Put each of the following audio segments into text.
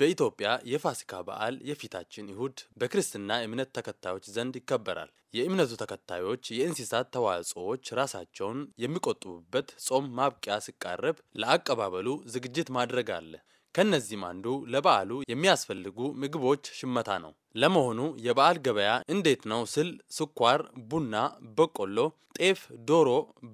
በኢትዮጵያ የፋሲካ በዓል የፊታችን እሁድ በክርስትና እምነት ተከታዮች ዘንድ ይከበራል። የእምነቱ ተከታዮች የእንስሳት ተዋጽኦዎች ራሳቸውን የሚቆጥቡበት ጾም ማብቂያ ሲቃረብ ለአቀባበሉ ዝግጅት ማድረግ አለ። ከእነዚህም አንዱ ለበዓሉ የሚያስፈልጉ ምግቦች ሽመታ ነው። ለመሆኑ የበዓል ገበያ እንዴት ነው ስል ስኳር፣ ቡና፣ በቆሎ፣ ጤፍ፣ ዶሮ፣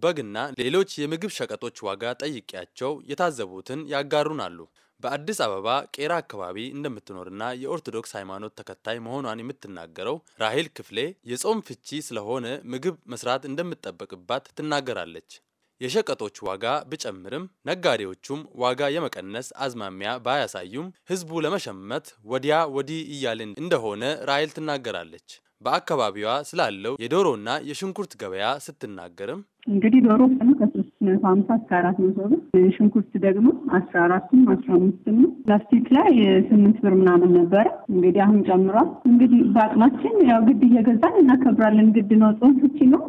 በግና ሌሎች የምግብ ሸቀጦች ዋጋ ጠይቄያቸው የታዘቡትን ያጋሩናሉ። በአዲስ አበባ ቄራ አካባቢ እንደምትኖርና የኦርቶዶክስ ሃይማኖት ተከታይ መሆኗን የምትናገረው ራሄል ክፍሌ የጾም ፍቺ ስለሆነ ምግብ መስራት እንደምጠበቅባት ትናገራለች። የሸቀጦች ዋጋ ቢጨምርም ነጋዴዎቹም ዋጋ የመቀነስ አዝማሚያ ባያሳዩም ህዝቡ ለመሸመት ወዲያ ወዲህ እያልን እንደሆነ ራሄል ትናገራለች። በአካባቢዋ ስላለው የዶሮና የሽንኩርት ገበያ ስትናገርም እንግዲህ ዶሮ ከስልሳ መቶ ሀምሳ እስከ አራት መቶ ብር፣ ሽንኩርት ደግሞ አስራ አራትም አስራ አምስትም ነው። ላስቲክ ላይ ስምንት ብር ምናምን ነበረ። እንግዲህ አሁን ጨምሯል። እንግዲህ በአቅማችን ያው ግድ እየገዛን እናከብራለን። ግድ ነው። ጾም ፍቺ ነው።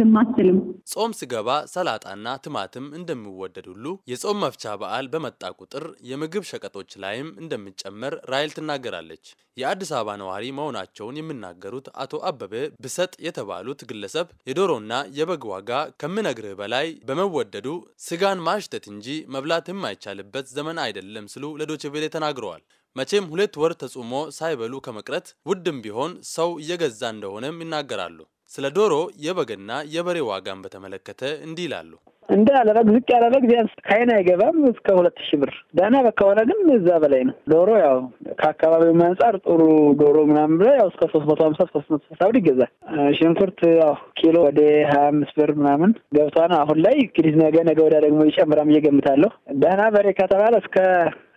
ዝም አትልም። ጾም ስገባ ሰላጣና ትማትም እንደሚወደድ ሁሉ የጾም መፍቻ በዓል በመጣ ቁጥር የምግብ ሸቀጦች ላይም እንደሚጨመር ራይል ትናገራለች። የአዲስ አበባ ነዋሪ መሆናቸውን የሚናገሩት አቶ አበበ ብሰጥ የተባሉት ግለሰብ የዶሮና የበግ ዋጋ ከምነግርህ በላይ በመ ካልወደዱ ስጋን ማሽተት እንጂ መብላት የማይቻልበት ዘመን አይደለም ሲሉ ለዶችቬሌ ተናግረዋል። መቼም ሁለት ወር ተጾሞ ሳይበሉ ከመቅረት ውድም ቢሆን ሰው እየገዛ እንደሆነም ይናገራሉ። ስለ ዶሮ የበግና የበሬ ዋጋን በተመለከተ እንዲህ ይላሉ። እንደ አለበግ ዝቅ ያለበግ ቢያንስ ከአይን አይገባም እስከ ሁለት ሺህ ብር ደህና በከሆነ ግን እዛ በላይ ነው። ዶሮ ያው ከአካባቢው አንጻር ጥሩ ዶሮ ምናምን ብላ ያው እስከ ሶስት መቶ ሀምሳ ሶስት መቶ ስልሳ ብር ይገዛል። ሽንኩርት ያው ኪሎ ወደ ሀያ አምስት ብር ምናምን ገብቷ ነው አሁን ላይ እንግዲህ ነገ ነገ ወዲያ ደግሞ ይጨምራም እየገምታለሁ። ደህና በሬ ከተባለ እስከ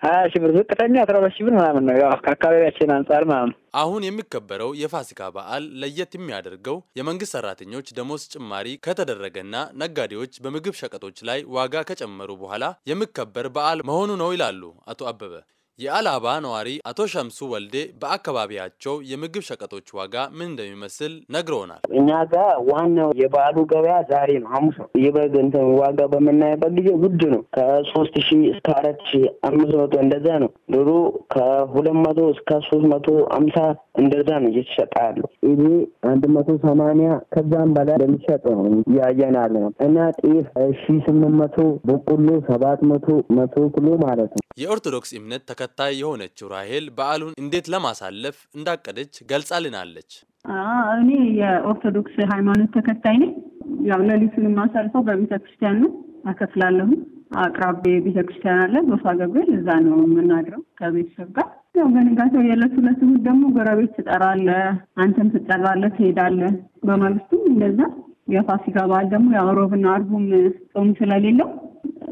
ሀያ ሺ ብር ዝቅተኛ አስራ ሁለት ሺ ብር ምናምን ነው ያው ከአካባቢያችን አንጻር ማለት ነው። አሁን የሚከበረው የፋሲካ በዓል ለየት የሚያደርገው የመንግስት ሰራተኞች ደሞዝ ጭማሪ ከተደረገና ነጋዴዎች በምግብ ሸቀጦች ላይ ዋጋ ከጨመሩ በኋላ የሚከበር በዓል መሆኑ ነው ይላሉ አቶ አበበ። የአላባ ነዋሪ አቶ ሸምሱ ወልዴ በአካባቢያቸው የምግብ ሸቀጦች ዋጋ ምን እንደሚመስል ነግረውናል። እኛ ጋ ዋናው የበዓሉ ገበያ ዛሬ ነው፣ ሐሙስ ነው። የበግ እንትን ዋጋ በምናይበት ጊዜ ውድ ነው። ከሶስት ሺ እስከ አራት ሺ አምስት መቶ እንደዛ ነው። ድሮ ከሁለት መቶ እስከ ሶስት መቶ አምሳ እንደዛ ነው እየተሸጠ ያለው። ይሄ አንድ መቶ ሰማንያ ከዛም በላይ እንደሚሸጥ ነው እያየን ያለ ነው እና ጤፍ ሺ ስምንት መቶ በቆሎ ሰባት መቶ መቶ ኪሎ ማለት ነው የኦርቶዶክስ እምነት ተከታይ የሆነችው ራሄል በዓሉን እንዴት ለማሳለፍ እንዳቀደች ገልጻልናለች። እኔ የኦርቶዶክስ ሃይማኖት ተከታይ ነኝ። ያው ሌሊቱን የማሳልፈው በቤተክርስቲያን ነው፣ አከፍላለሁ። አቅራቤ ቤተክርስቲያን አለ፣ ጎሳ ገብርኤል፣ እዛ ነው የምናድረው ከቤተሰብ ጋር። ያው በንጋታው የዕለት ሁለት እሑድ ደግሞ ጎረቤት ትጠራለህ፣ አንተም ትጠራለህ፣ ትሄዳለህ። በማግስቱም እንደዛ የፋሲካ በዓል ደግሞ የአውሮብና አርቡም ጾም ስለሌለው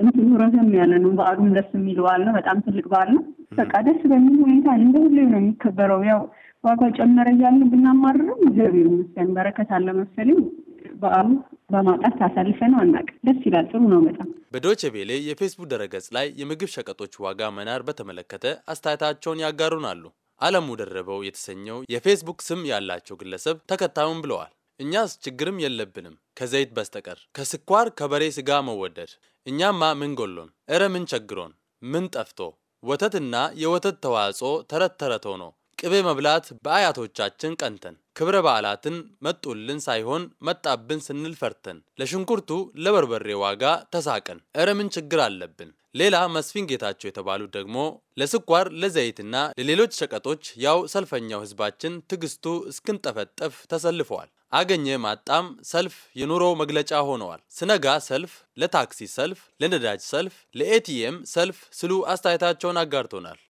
እንትኑ ረዘም ያለ ነው። በዓሉም ደስ የሚል በዓል ነው። በጣም ትልቅ በዓል ነው። በቃ ደስ በሚል ሁኔታ እንደ ሁሌ ነው የሚከበረው። ያው ዋጋው ጨመረ እያልን ብናማርርም እግዚአብሔር ይመስገን በረከት አለ መሰለኝ በዓሉ በማጣት ነው አናውቅም። ደስ ይላል። ጥሩ ነው በጣም። በዶቼ ቬሌ የፌስቡክ ድረገጽ ላይ የምግብ ሸቀጦች ዋጋ መናር በተመለከተ አስተያየታቸውን ያጋሩናሉ። አለሙ ደረበው የተሰኘው የፌስቡክ ስም ያላቸው ግለሰብ ተከታዩን ብለዋል። እኛስ ችግርም የለብንም ከዘይት በስተቀር ከስኳር ከበሬ ስጋ መወደድ። እኛማ ምን ጎሎን? እረ ምን ቸግሮን? ምን ጠፍቶ? ወተትና የወተት ተዋጽኦ ተረት ተረት ሆኖ ቅቤ መብላት በአያቶቻችን ቀንተን ክብረ በዓላትን መጡልን ሳይሆን መጣብን ስንል ፈርተን ለሽንኩርቱ ለበርበሬ ዋጋ ተሳቀን። እረ ምን ችግር አለብን? ሌላ መስፍን ጌታቸው የተባሉት ደግሞ ለስኳር ለዘይትና ለሌሎች ሸቀጦች ያው ሰልፈኛው ህዝባችን ትግስቱ እስክንጠፈጠፍ ተሰልፈዋል። አገኘ ማጣም ሰልፍ የኑሮ መግለጫ ሆነዋል። ስነጋ ሰልፍ፣ ለታክሲ ሰልፍ፣ ለነዳጅ ሰልፍ፣ ለኤቲኤም ሰልፍ ስሉ አስተያየታቸውን አጋርቶናል።